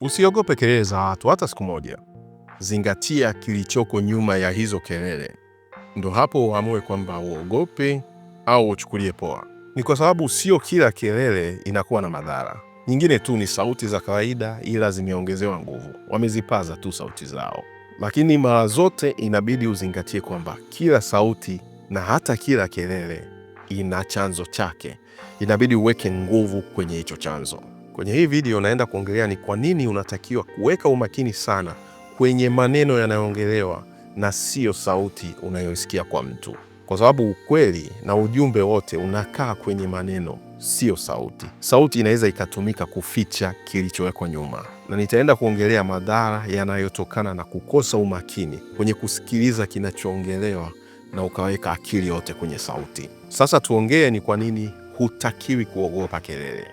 Usiogope kelele za watu hata siku moja. Zingatia kilichoko nyuma ya hizo kelele, ndo hapo uamue kwamba uogope au uchukulie poa. Ni kwa sababu sio kila kelele inakuwa na madhara. Nyingine tu ni sauti za kawaida, ila zimeongezewa nguvu, wamezipaza tu sauti zao. Lakini mara zote inabidi uzingatie kwamba kila sauti na hata kila kelele ina chanzo chake. Inabidi uweke nguvu kwenye hicho chanzo. Kwenye hii video naenda kuongelea ni kwa nini unatakiwa kuweka umakini sana kwenye maneno yanayoongelewa na siyo sauti unayoisikia kwa mtu, kwa sababu ukweli na ujumbe wote unakaa kwenye maneno, siyo sauti. Sauti inaweza ikatumika kuficha kilichowekwa nyuma, na nitaenda kuongelea madhara yanayotokana na kukosa umakini kwenye kusikiliza kinachoongelewa na ukaweka akili yote kwenye sauti. Sasa tuongee ni kwa nini hutakiwi kuogopa kelele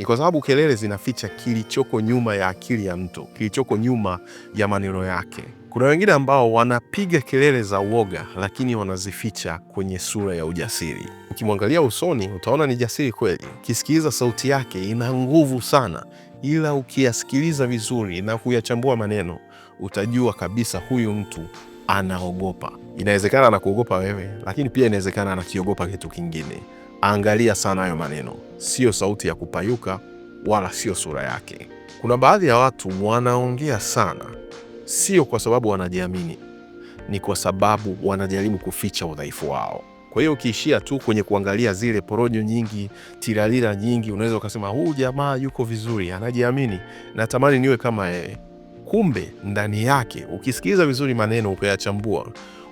ni kwa sababu kelele zinaficha kilichoko nyuma ya akili ya mtu, kilichoko nyuma ya maneno yake. Kuna wengine ambao wanapiga kelele za uoga, lakini wanazificha kwenye sura ya ujasiri. Ukimwangalia usoni, utaona ni jasiri kweli. Ukisikiliza sauti yake, ina nguvu sana, ila ukiyasikiliza vizuri na kuyachambua maneno, utajua kabisa huyu mtu anaogopa. Inawezekana anakuogopa wewe, lakini pia inawezekana anakiogopa kitu kingine angalia sana hayo maneno, siyo sauti ya kupayuka wala siyo sura yake. Kuna baadhi ya watu wanaongea sana, sio kwa sababu wanajiamini, ni kwa sababu wanajaribu kuficha udhaifu wao. Kwa hiyo ukiishia tu kwenye kuangalia zile porojo nyingi, tiralira nyingi, unaweza ukasema huu jamaa yuko vizuri, anajiamini, natamani niwe kama yeye. Kumbe ndani yake, ukisikiliza vizuri maneno ukayachambua,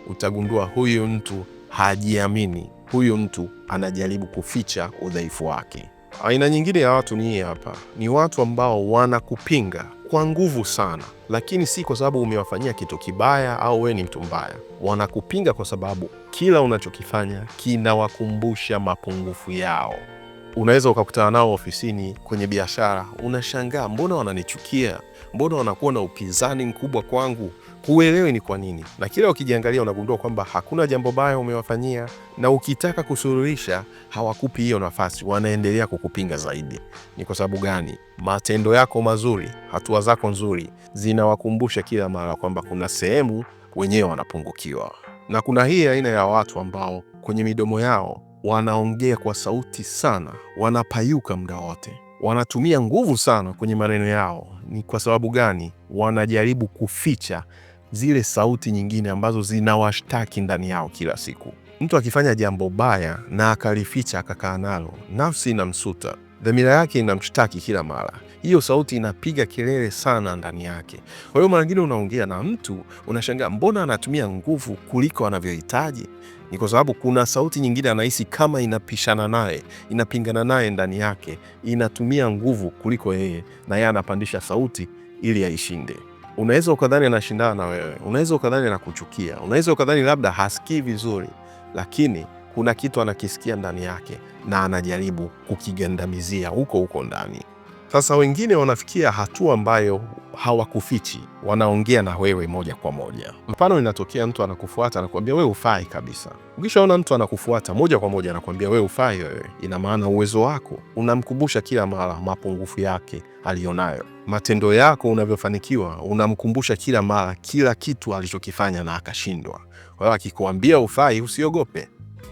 utagundua huyu mtu hajiamini huyu mtu anajaribu kuficha udhaifu wake. Aina nyingine ya watu ni hii hapa, ni watu ambao wanakupinga kwa nguvu sana, lakini si kwa sababu umewafanyia kitu kibaya au wewe ni mtu mbaya. Wanakupinga kwa sababu kila unachokifanya kinawakumbusha mapungufu yao unaweza ukakutana nao ofisini, kwenye biashara, unashangaa mbona wananichukia, mbona wanakuwa na upinzani mkubwa kwangu, huelewi ni kwa nini. Na kila ukijiangalia unagundua kwamba hakuna jambo baya umewafanyia, na ukitaka kusuluhisha hawakupi hiyo nafasi, wanaendelea kukupinga zaidi. Ni kwa sababu gani? Matendo yako mazuri, hatua zako nzuri zinawakumbusha kila mara kwamba kuna sehemu wenyewe wanapungukiwa, na kuna hii aina ya watu ambao kwenye midomo yao wanaongea kwa sauti sana, wanapayuka muda wote, wanatumia nguvu sana kwenye maneno yao. Ni kwa sababu gani? Wanajaribu kuficha zile sauti nyingine ambazo zinawashtaki ndani yao kila siku. Mtu akifanya jambo baya na akalificha akakaa nalo, nafsi inamsuta dhamira yake inamshtaki kila mara. Hiyo sauti inapiga kelele sana ndani yake. Kwa hiyo mara nyingine unaongea na mtu unashangaa, mbona anatumia nguvu kuliko anavyohitaji? Ni kwa sababu kuna sauti nyingine anahisi kama inapishana naye, inapingana naye ndani yake, inatumia nguvu kuliko yeye, na yeye anapandisha sauti ili aishinde. Unaweza ukadhani anashindana na wewe, unaweza ukadhani anakuchukia, unaweza ukadhani labda hasikii vizuri, lakini kuna kitu anakisikia ndani yake na anajaribu kukigandamizia huko huko ndani. Sasa wengine wanafikia hatua ambayo hawakufichi, wanaongea na wewe moja kwa moja. Mfano, inatokea mtu anakufuata anakuambia wewe ufai kabisa. Ukishaona mtu anakufuata moja kwa moja anakuambia wewe ufai wewe, ina maana uwezo wako, unamkumbusha kila mara mapungufu yake aliyonayo. Matendo yako unavyofanikiwa, unamkumbusha kila mara kila kitu alichokifanya na akashindwa. Kwa hiyo akikuambia ufai, usiogope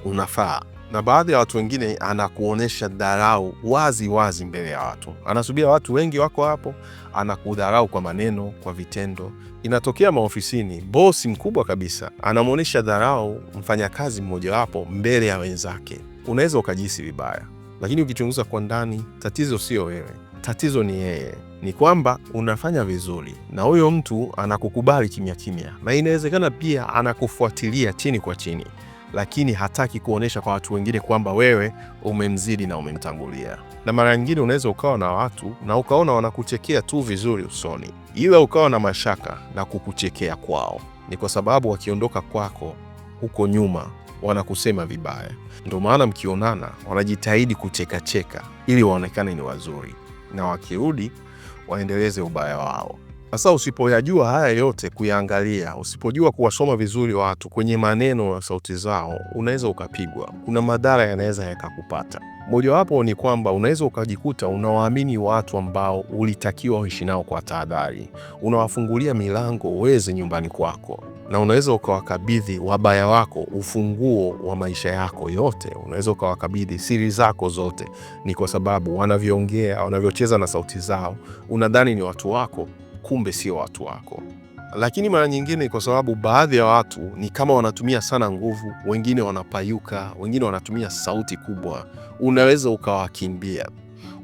unafaa na baadhi ya watu wengine anakuonyesha dharau wazi wazi mbele ya watu. Anasubia watu wengi wako hapo, anakudharau kwa maneno, kwa vitendo. Inatokea maofisini, bosi mkubwa kabisa anamwonyesha dharau mfanyakazi mmojawapo mbele ya wenzake. Unaweza ukajihisi vibaya, lakini ukichunguza kwa ndani, tatizo sio wewe, tatizo ni yeye. Ni kwamba unafanya vizuri na huyo mtu anakukubali kimya kimya, na inawezekana pia anakufuatilia chini kwa chini lakini hataki kuonyesha kwa watu wengine kwamba wewe umemzidi na umemtangulia. Na mara nyingine unaweza ukawa na watu na ukaona wanakuchekea tu vizuri usoni, ila ukawa na mashaka na kukuchekea kwao, ni kwa sababu wakiondoka kwako huko nyuma wanakusema vibaya. Ndio maana mkionana wanajitahidi kuchekacheka ili waonekane ni wazuri, na wakirudi waendeleze ubaya wao. Sasa usipoyajua haya yote kuyaangalia, usipojua kuwasoma vizuri watu kwenye maneno na sauti zao, unaweza ukapigwa. Kuna madhara yanaweza yakakupata. Mojawapo ni kwamba unaweza ukajikuta unawaamini watu ambao ulitakiwa uishi nao kwa tahadhari, unawafungulia milango weze nyumbani kwako, na unaweza ukawakabidhi wabaya wako ufunguo wa maisha yako yote. Unaweza ukawakabidhi siri zako zote. Ni kwa sababu wanavyoongea, wanavyocheza na sauti zao, unadhani ni watu wako kumbe sio watu wako. Lakini mara nyingine, kwa sababu baadhi ya watu ni kama wanatumia sana nguvu, wengine wanapayuka, wengine wanatumia sauti kubwa, unaweza ukawakimbia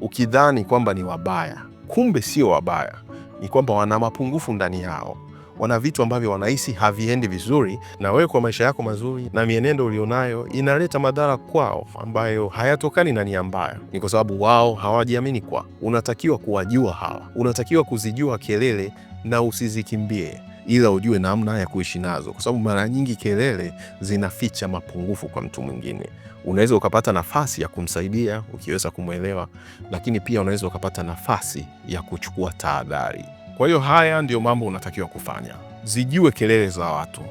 ukidhani kwamba ni wabaya, kumbe sio wabaya, ni kwamba wana mapungufu ndani yao wana vitu ambavyo wanahisi haviendi vizuri, na wewe kwa maisha yako mazuri na mienendo ulionayo inaleta madhara kwao ambayo hayatokani na nia mbaya, ni kwa sababu wao hawajiamini. Kwa unatakiwa kuwajua hawa, unatakiwa kuzijua kelele na usizikimbie ila ujue namna ya kuishi nazo, kwa sababu mara nyingi kelele zinaficha mapungufu kwa mtu mwingine. Unaweza ukapata nafasi ya kumsaidia ukiweza kumwelewa, lakini pia unaweza ukapata nafasi ya kuchukua tahadhari. Kwa hiyo haya ndiyo mambo unatakiwa kufanya: zijue kelele za watu,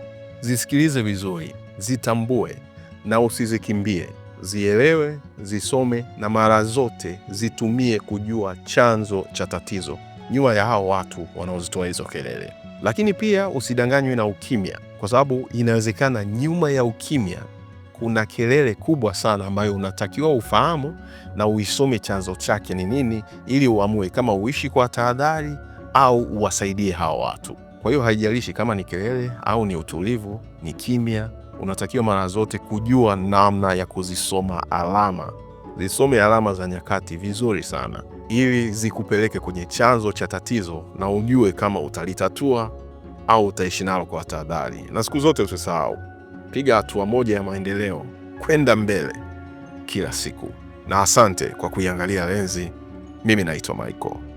zisikilize vizuri, zitambue na usizikimbie, zielewe, zisome na mara zote zitumie kujua chanzo cha tatizo nyuma ya hao watu wanaozitoa hizo kelele. Lakini pia usidanganywe na ukimya, kwa sababu inawezekana nyuma ya ukimya kuna kelele kubwa sana ambayo unatakiwa ufahamu na uisome chanzo chake ni nini, ili uamue kama uishi kwa tahadhari au uwasaidie hawa watu. Kwa hiyo haijalishi kama ni kelele au ni utulivu, ni kimya, unatakiwa mara zote kujua namna ya kuzisoma alama. Zisome alama za nyakati vizuri sana, ili zikupeleke kwenye chanzo cha tatizo na ujue kama utalitatua au utaishi nalo kwa tahadhari. Na siku zote usisahau, piga hatua moja ya maendeleo kwenda mbele kila siku. Na asante kwa kuiangalia Lenzi. Mimi naitwa Michael.